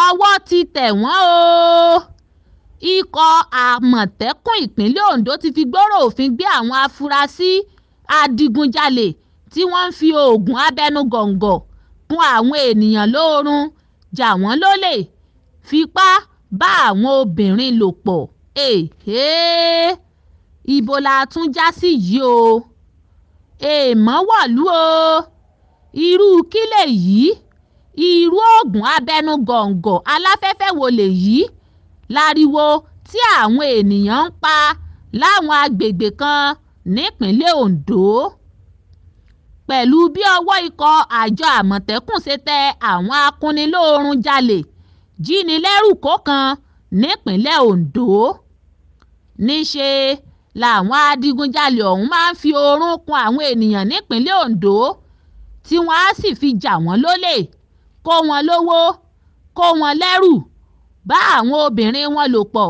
owó ti tẹ̀ wọ́n o ikọ̀ àmọ̀tẹ́kùn ìpínlẹ̀ ondo ti fi gbòòrò òfin gbé àwọn afurasí adigunjalè tí wọ́n ń fi oògùn abẹnugọ̀ńgọ̀ kun àwọn ènìyàn lóorun jà wọ́n lólè fipá bá àwọn obìnrin lò pọ̀ èhè ibo la tún já sí yìí o èèmọ̀ wọ̀lú o irú kí lèyí irú oògùn abẹnugọ̀ńgọ̀ aláfẹ́fẹ́ wo lèyí láriwo tí àwọn ènìyàn ń pa láwọn àgbègbè kan nípìnlẹ̀ ondo pẹ̀lú bí ọwọ́ ikọ̀ àjọ àmọ̀tẹ́kùn ṣe tẹ àwọn akúnilóorun-jalè jíniléróko kan nípìnlẹ̀ ondo níṣẹ́ làwọn adigunjalè ọ̀hún máa ń fi oorun kun àwọn ènìyàn nípìnlẹ̀ ondo tí wọ́n á sì fi jà wọ́n lólè kó wọn lówó kó wọn lẹ́rù bá àwọn obìnrin wọn lò pọ̀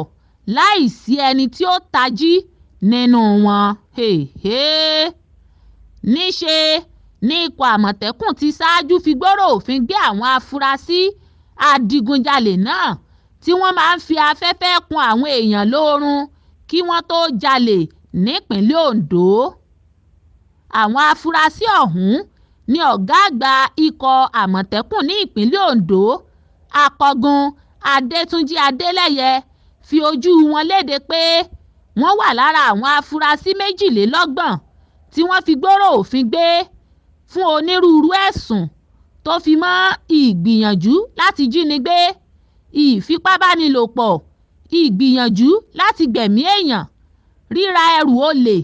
láì sí ẹni tí ó tají nínú wọn níṣe ni ikọ̀ àmọ̀tẹ́kùn ti ṣáájú fi gbòòrò òfin gbé àwọn afurasí adigunjalè náà tí wọ́n máa ń fi afẹ́fẹ́ kun àwọn èèyàn lóorun kí wọ́n tóó jalè nípínlẹ̀ Ondo àwọn afurasí ọ̀hún ni ọ̀gá àgbà ikọ̀ àmọ̀tẹ́kùn ní ìpínlẹ̀ ondo akọgun adẹ́túnjì adeleye fi ojú wọn léde pé wọ́n wà lára àwọn afurasí méjìlélọ́gbọ̀n tí wọ́n fi gbòòrò òfin gbé fún onírúurú ẹ̀sùn tó fi mọ́ ìgbìyànjú láti jínigbé ìfipábánilòpọ̀ ìgbìyànjú láti gbẹ̀mí èèyàn ríra ẹrù olè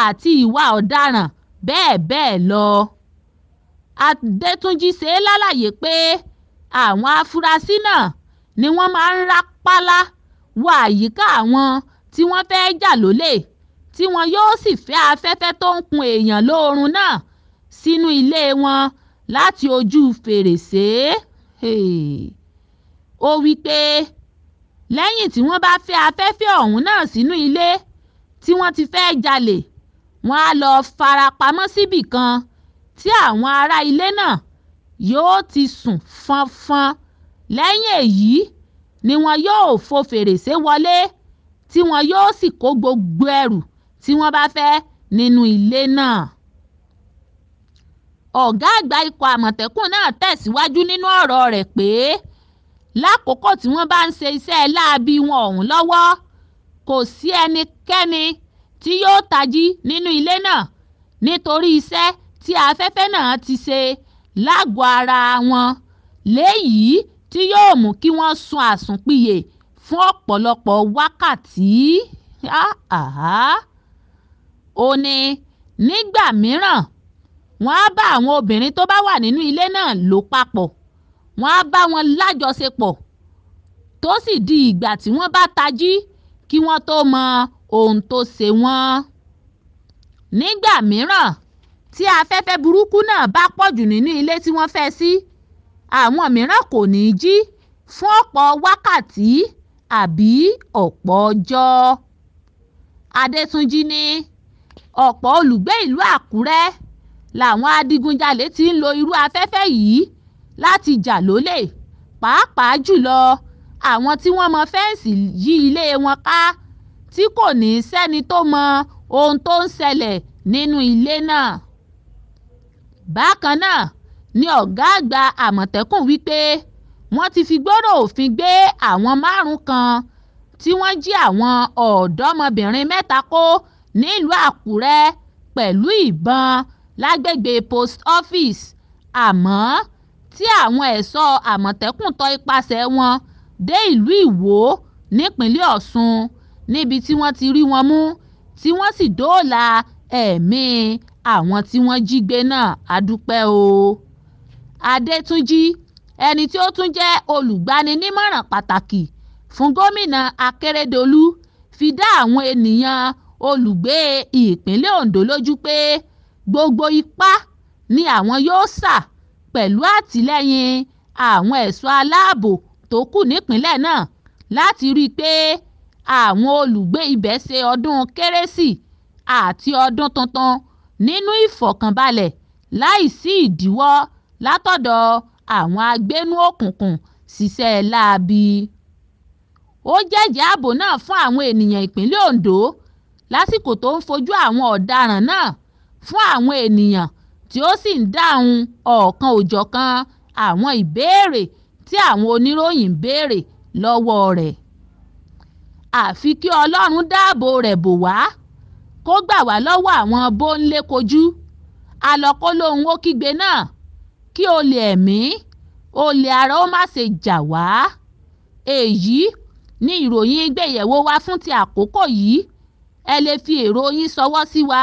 àti ìwà ọ̀daràn bẹ́ẹ̀ bẹ́ẹ̀ lọ adẹ́túnjì ṣe lálàyé pé àwọn afurasí náà ni wọ́n máa ń rápálá wọ àyíká àwọn tí wọ́n fẹ́ẹ́ jà lólè tí wọn yóò sì fẹ́ afẹ́fẹ́ tó ń kun èèyàn lóorun náà sínú ilé wọn láti ojú fèrèsé ó wí pé lẹ́yìn tí wọ́n bá fẹ́ afẹ́fẹ́ ọ̀hún náà sínú ilé tí wọ́n ti fẹ́ẹ́ jalè wọ́n á lọ́ọ́ fara pamọ́ síbì kan tí àwọn ará ilé náà yóò ti sùn fọnfọn lẹ́yìn èyí ni wọn yóò fo fèrèsé wọlé tí wọn yóò sì kó gbogbo ẹrù tí wọ́n bá fẹ́ nínú ilé náà ọ̀gá àgbà ikọ̀ àmọ̀tẹ́kùn náà tẹ̀síwájú nínú ọ̀rọ̀ rẹ̀ pé lákòókò tí wọ́n bá ń ṣe iṣẹ́ láabi wọn ọ̀hún lọ́wọ́ kò sí ẹnikẹ́ni tí yóò tají nínú ilé náà nítorí iṣẹ́ tí afẹ́fẹ́ náà ti ṣe lágọ̀ọ́ ara wọn léyìí tí yóò mú kí wọ́n sùn àsùnpiyè fún ọ̀pọ̀lọpọ̀ wákàtí. ó ní nígbà mìíràn wọ́n á bá àwọn obìnrin tó bá wà nínú ilé náà lò papọ̀ wọ́n á bá wọn lájọṣepọ̀ tó sì di ìgbà tí wọ́n bá tají kí wọ́n tó mọ ohun tó ṣe wọ́n. nígbà mìíràn tí afẹ́fẹ́ burúkú náà bá pọ̀jù nínú ilé tí wọ́n fẹ́ sí àwọn mìíràn kò ní jí fún ọ̀pọ̀ wákàtí àbí ọ̀pọ̀ ọjọ́ adẹ́túnjì ní ọ̀pọ̀ olùgbé ìlú àkúrẹ́ làwọn adigunjalè ti ń lo irú afẹ́fẹ́ yìí láti jà lólè pàápàá jùlọ àwọn tí wọ́n mọ fẹ́ǹsì yí ilé wọn ká tí kò ní sẹ́ni tó mọ ohun tó ń ṣẹlẹ̀ nínú ilé náà Bákan náà ni ọ̀gá àgbà Àmọ̀tẹ́kùn wí pé wọ́n ti fi gbòòrò òfin gbé àwọn márùn-ún kan tí wọ́n jí àwọn ọ̀dọ́mọbìnrin mẹ́ta kó nílùú Àkúrẹ́ pẹ̀lú ìbọn lágbègbè post office àmọ́ tí àwọn ẹ̀ṣọ́ Àmọ̀tẹ́kùn tọ ipasẹ̀ẹ wọn dé ìlú Ìwó nípínlẹ̀ Ọ̀ṣun níbi tí wọ́n ti rí wọn mú tí wọ́n sì dóòlà ẹ̀mí àwọn tí wọ́n jí gbé náà á dúpẹ́ o adẹ́túnjì ẹni tí ó tún jẹ́ olùgbaninímọ̀ràn pàtàkì fún gómìnà akérèdọ́lù fi dá àwọn ènìyàn olùgbé ìpínlẹ̀ ondo lójú pé gbogbo ipá ni àwọn yóò sà pẹ̀lú àtìlẹ́yìn àwọn ẹ̀ṣọ́ aláàbò tó kù nípìnlẹ̀ náà láti rí i pé àwọn olùgbé ibẹ̀ ṣe ọdún kérésì àti ọdún tuntun nínú ìfọ̀kànbalẹ̀ láìsí ìdíwọ́ látọ̀dọ̀ àwọn agbénú-òkùnkùn ṣiṣẹ́ láabi. Ó jẹ́jìí àbò náà fún àwọn ènìyàn ìpínlẹ̀ Ondo lásìkò tó ń fojú àwọn ọ̀daràn náà fún àwọn ènìyàn tí ó sì ń dáhùn ọ̀kan-ò-jọ̀kan àwọn ìbéèrè tí àwọn oníròyìn ń béèrè lọ́wọ́ rẹ̀. Àfi kí Ọlọ́run dáàbò rẹ̀ bò wá kó gbà wá lọ́wọ́ àwọn bóńlékojú àlọ́ kó lóun ó kígbe náà kí olè ẹ̀mí olè ara ó má ṣe jà wá èyí ni ìròyìn ìgbéyẹ̀wò wa fún ti àkókò yìí ẹ lè fi èrò yín ṣọwọ́ sí wa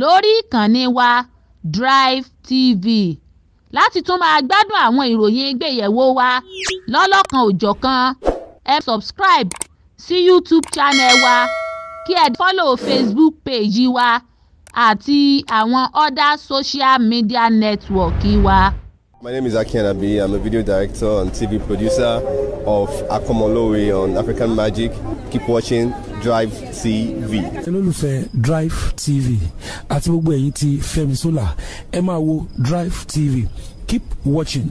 lórí ìkànnì wa drive tv láti tún máa gbádùn àwọn ìròyìn ìgbéyẹ̀wò wa lọ́lọ́kan òjọ̀kan ẹ subscribe sí youtube channel wa kí ẹ fọ́lọ̀ facebook page wa àti àwọn other social media network wa. My name is Aki Anabi. I'm a video director and TV producer of Akomolowe on African Magic. Keep watching Drive TV. Olólùfẹ́ Drive TV àti gbogbo ẹ̀yin tí Fẹ́mi Sola ẹ máa wo Drive TV. Keep watching.